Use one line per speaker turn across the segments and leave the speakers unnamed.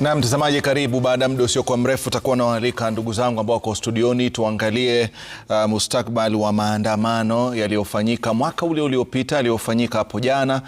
Na mtazamaji, karibu. Baada ya muda usiokuwa mrefu utakuwa nawaalika ndugu zangu ambao wako studioni, tuangalie uh, mustakbali wa maandamano yaliyofanyika mwaka ule uliopita, aliyofanyika hapo jana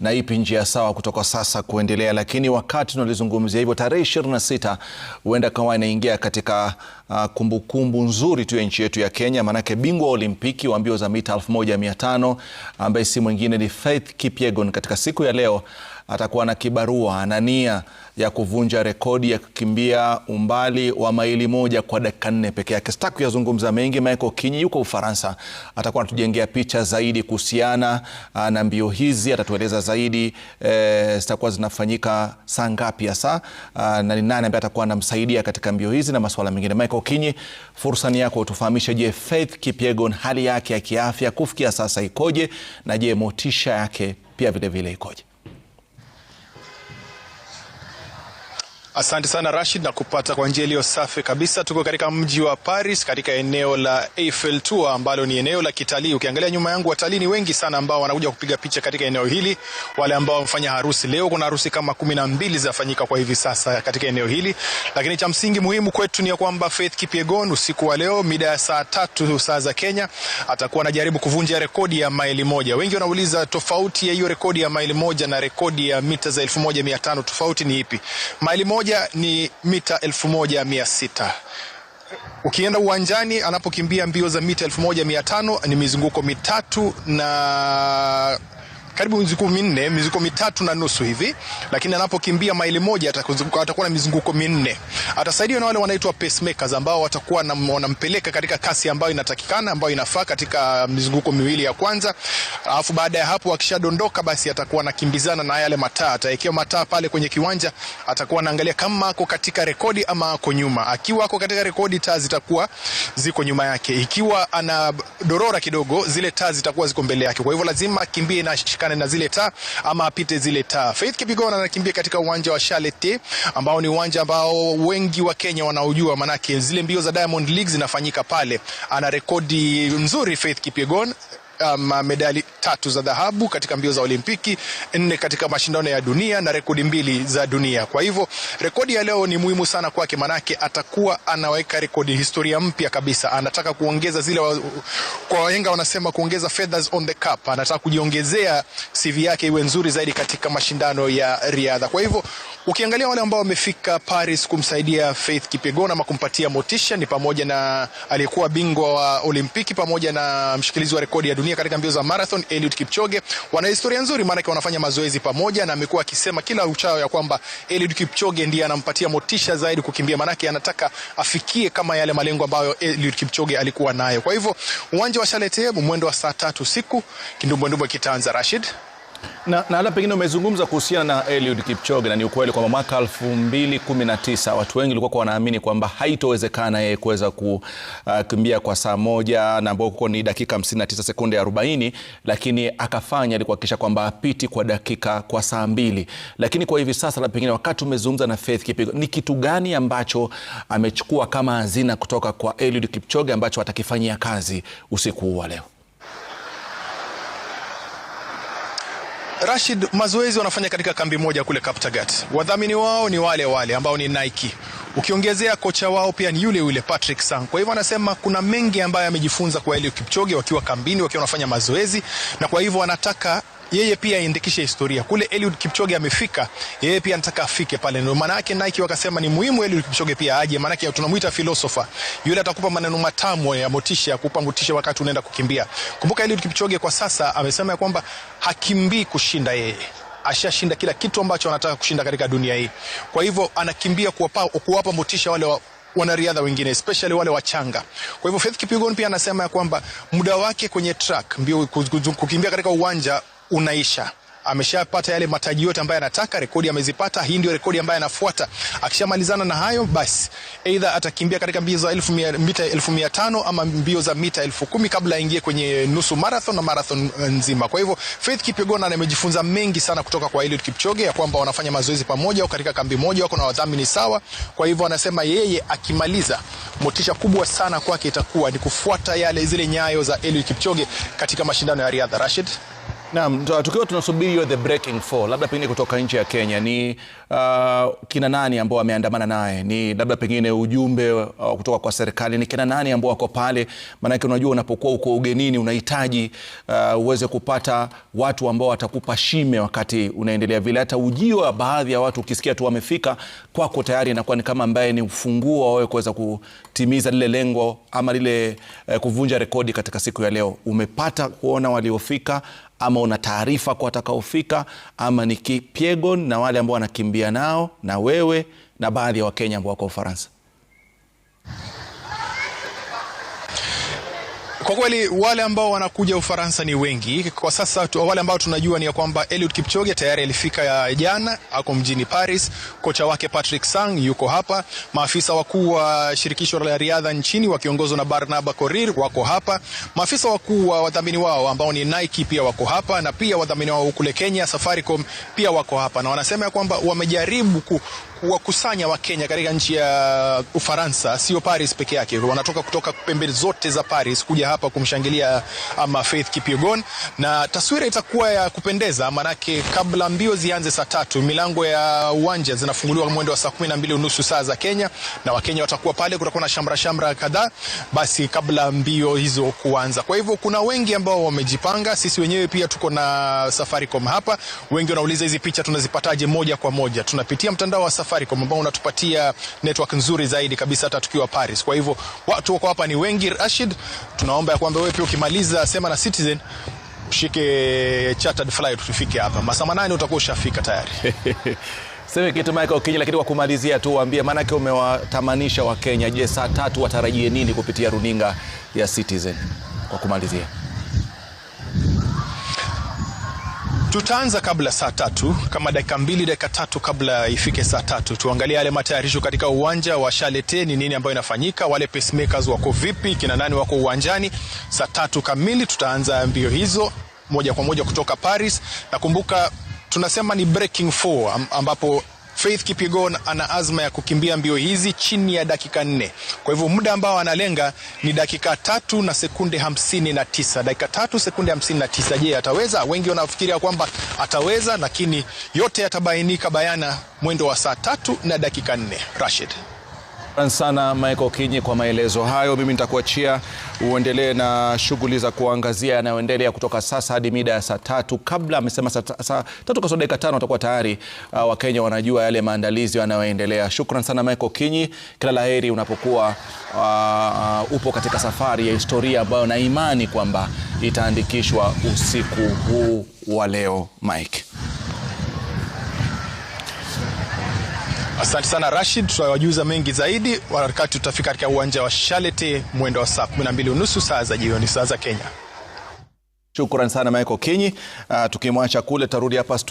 na ipi njia sawa kutoka sasa kuendelea. Lakini wakati tunalizungumzia hivyo, tarehe 26 huenda kawa inaingia katika uh, kumbukumbu uh, kumbu nzuri tu ya nchi yetu ya Kenya, maanake bingwa wa Olimpiki wa mbio za mita 1500 ambaye si mwingine ni Faith Kipyegon katika siku ya leo atakuwa na kibarua, na nia ya kuvunja rekodi ya kukimbia umbali wa maili moja kwa dakika nne peke yake. Sitaki kuyazungumza mengi. Michael Kinyi yuko Ufaransa, atakuwa anatujengea picha zaidi kuhusiana ah, na mbio hizi, atatueleza zaidi e, zitakuwa zinafanyika saa ngapi hasa ah, na ni nani ambaye atakuwa anamsaidia katika mbio hizi na masuala mengine. Michael Kinyi, fursa ni yako, tufahamishe. Je, Faith Kipyegon hali yake ya kiafya kufikia sasa ikoje, na je motisha yake pia vilevile ikoje? Asante sana Rashid na kupata kwa njia iliyo safi kabisa. Tuko katika mji wa Paris katika eneo la Eiffel Tower ambalo ni eneo la kitalii. Ukiangalia nyuma yangu, watalii ni wengi sana ambao wanakuja kupiga picha katika eneo hili, wale ambao wamefanya harusi leo. Kuna harusi kama kumi na mbili zinafanyika kwa hivi sasa katika eneo hili, lakini cha msingi muhimu kwetu ni kwamba Faith Kipyegon usiku wa leo mida ya saa tatu saa za Kenya atakuwa anajaribu kuvunja rekodi ya maili moja. Wengi wanauliza tofauti ya hiyo rekodi ya maili moja na rekodi ya mita za elfu moja mia tano tofauti ni ipi? Maili moja moja ni mita sita Ukienda uwanjani anapokimbia mbio za mita tano ni mizunguko mitatu na karibu mizunguko minne, mizunguko mitatu na nusu hivi, lakini anapokimbia maili moja atakuwa na mizunguko minne. Atasaidiwa na wale wanaitwa pacemakers ambao watakuwa wanampeleka katika kasi ambayo inatakikana, ambayo inafaa katika mizunguko miwili ya kwanza. Alafu baada ya hapo akishadondoka, basi atakuwa anakimbizana na yale mataa, atawekewa mataa pale kwenye kiwanja, atakuwa anaangalia kama ako katika rekodi ama ako nyuma. Akiwa ako katika rekodi, taa zitakuwa ziko nyuma yake. Ikiwa ana dorora kidogo, zile taa zitakuwa ziko mbele yake, kwa hivyo lazima akimbie na apingane na zile taa ama apite zile taa. Faith Kipigona anakimbia katika uwanja wa Charlotte ambao ni uwanja ambao wengi wa Kenya wanaujua, manake zile mbio za Diamond League zinafanyika pale. Ana rekodi nzuri Faith Kipigona um, medali tatu za dhahabu katika mbio za Olimpiki, nne katika mashindano ya dunia na rekodi mbili za dunia. Kwa hivyo rekodi ya leo ni muhimu sana kwake, manake atakuwa anaweka rekodi, historia mpya kabisa. Anataka kuongeza zile wa, kwa wahenga wanasema kuongeza feathers on the cap. Anataka kujiongezea CV yake iwe nzuri zaidi katika mashindano ya riadha. Kwa hivyo ukiangalia wale ambao wamefika Paris kumsaidia Faith Kipyegon ama kumpatia motisha ni pamoja na aliyekuwa bingwa wa Olimpiki pamoja na mshikilizi wa rekodi ya dunia dunia katika mbio za marathon Eliud Kipchoge wana historia nzuri, maanake wanafanya mazoezi pamoja, na amekuwa akisema kila uchao ya kwamba Eliud Kipchoge ndiye anampatia motisha zaidi kukimbia, maanake anataka afikie kama yale malengo ambayo Eliud Kipchoge alikuwa nayo. Kwa hivyo uwanja wa Charles mwendo wa saa tatu siku, kindumbwe ndumbwe kitaanza. Rashid
na, na ala pengine umezungumza kuhusiana na Eliud Kipchoge na ni ukweli kwamba mwaka 2019 watu wengi walikuwa wanaamini kwamba haitowezekana yeye kuweza kukimbia uh, kwa saa moja na ambao ni dakika 59 sekunde 40, lakini akafanya ili kuhakikisha kwamba apiti kwa dakika kwa saa mbili. Lakini kwa hivi sasa, pengine wakati umezungumza na Faith Kipigo, ni kitu gani ambacho amechukua kama hazina kutoka kwa Eliud Kipchoge ambacho atakifanyia kazi usiku huu wa leo?
Rashid, mazoezi wanafanya katika kambi moja kule Kaptagat. Wadhamini wao ni wale wale ambao ni Nike, ukiongezea kocha wao pia ni yule yule Patrick Sang. Kwa hivyo anasema kuna mengi ambayo amejifunza kwa Eliud Kipchoge wakiwa kambini, wakiwa wanafanya mazoezi, na kwa hivyo wanataka yeye pia aendikishe historia kule. Eliud Kipchoge amefika, yeye pia anataka afike pale. Ndio maana yake Nike wakasema ni muhimu Eliud Kipchoge pia aje, maana yake tunamuita philosopher yule, atakupa maneno matamu ya motisha, kukupa motisha wakati unaenda kukimbia. Kumbuka Eliud Kipchoge kwa sasa amesema kwamba hakimbii kushinda yeye ashashinda kila kitu ambacho anataka kushinda katika dunia hii. Kwa hivyo anakimbia kuwapa, kuwapa motisha wale wa, wanariadha wengine especially wale wachanga. Kwa hivyo Faith Kipyegon pia anasema ya kwamba muda wake kwenye track mbio kukimbia katika uwanja unaisha. Ameshapata yale mataji yote ambayo anataka, rekodi amezipata. Hii ndio rekodi ambayo anafuata. Akishamalizana na hayo, basi aidha atakimbia katika mbio za elfu mia, mita elfu mia tano ama mbio za mita elfu kumi kabla aingie kwenye nusu marathon na marathon nzima. Kwa hivyo Faith Kipyegon amejifunza mengi sana kutoka kwa Eliud Kipchoge, ya kwamba wanafanya mazoezi pamoja au katika kambi moja, wako na wadhamini sawa. Kwa hivyo anasema yeye akimaliza, motisha kubwa sana kwake itakuwa ni kufuata yale zile nyayo za Eliud Kipchoge katika mashindano ya riadha. Rashid
Naam, tukiwa tunasubiri the breaking fall, labda pengine kutoka nchi ya Kenya ni uh, kina nani ambao wameandamana naye? Ni labda pengine ujumbe uh, kutoka kwa serikali, ni kina nani ambao wako pale? Maanake unajua unapokuwa uko ugenini unahitaji uh, uweze kupata watu ambao watakupa shime wakati unaendelea vile. Hata ujio wa baadhi ya watu ukisikia tu wamefika kwako, tayari inakuwa ni kama ambaye ni ufunguo wa kuweza kutimiza lile lengo ama lile uh, kuvunja rekodi katika siku ya leo. Umepata kuona waliofika ama una taarifa kwa watakaofika, ama ni Kipyegon na wale ambao wanakimbia nao na wewe na baadhi ya Wakenya ambao wako Ufaransa?
Kwa kweli wale ambao wanakuja Ufaransa ni wengi kwa sasa tu, wale ambao tunajua ni ya kwamba Eliud Kipchoge tayari alifika jana, ako mjini Paris. Kocha wake Patrick Sang yuko hapa, maafisa wakuu wa shirikisho la riadha nchini wakiongozwa na Barnaba Korir wako hapa, maafisa wakuu wa wadhamini wao ambao ni Nike pia wako hapa, na pia wadhamini wao kule Kenya Safaricom pia wako hapa, na wanasema ya kwamba wamejaribu ku, kuwakusanya Wakenya katika nchi ya Ufaransa, sio Paris peke yake, wanatoka kutoka pembe zote za Paris kuja hapa kumshangilia ama Faith Kipyegon, na taswira itakuwa ya kupendeza, manake kabla mbio zianze saa tatu, milango ya uwanja zinafunguliwa mwendo wa saa kumi na mbili unusu saa za Kenya, na Wakenya watakuwa pale, kutakuwa na shamra shamra kadhaa basi kabla mbio hizo kuanza. Kwa hivyo kuna wengi ambao wamejipanga, sisi wenyewe pia tuko na Safaricom hapa. Wengi wanauliza hizi picha tunazipataje moja kwa moja? Tunapitia mtandao wa Safaricom Safaricom ambao unatupatia network nzuri zaidi kabisa hata tukiwa Paris. Kwa hivyo watu wako hapa ni wengi Rashid, tunaomba ya kwamba wewe pia ukimaliza sema na Citizen shike chartered flight tufike hapa masaa manane utakuwa ushafika tayari.
Sema kitu Michael Kenya, lakini kwa kumalizia tu waambie, maanake umewatamanisha Wakenya. Je, saa tatu watarajie nini kupitia runinga ya Citizen kwa kumalizia?
Tutaanza kabla saa tatu, kama dakika mbili, dakika tatu kabla ifike saa tatu. Tuangalie yale matayarisho katika uwanja wa Shalete, ni nini ambayo inafanyika, wale pacemakers wako vipi, kina nani wako uwanjani. Saa tatu kamili tutaanza mbio hizo moja kwa moja kutoka Paris. Nakumbuka tunasema ni breaking four, ambapo Faith Kipyegon ana azma ya kukimbia mbio hizi chini ya dakika nne. Kwa hivyo muda ambao analenga ni dakika tatu na sekunde hamsini na tisa dakika tatu sekunde hamsini na tisa Je, ataweza? Wengi wanafikiria kwamba ataweza, lakini yote yatabainika bayana mwendo wa saa tatu na dakika nne. Rashid.
Asante sana Michael Kinyi kwa maelezo hayo. Mimi nitakuachia uendelee na shughuli za kuangazia yanayoendelea kutoka sasa hadi mida ya saa tatu. Kabla amesema saa tatu kasoro dakika tano watakuwa tayari uh, Wakenya wanajua yale maandalizi yanayoendelea. Shukran sana Michael Kinyi, kila la heri unapokuwa uh, upo katika safari ya historia ambayo na imani kwamba itaandikishwa usiku huu wa leo Mike.
Asante sana Rashid, tutawajuza mengi zaidi wakati tutafika katika uwanja wa Shalete mwendo wa saa 12 unusu saa za jioni saa za Kenya.
Shukran sana Michael Kinyi. Uh, tukimwacha kule tarudi hapa studio.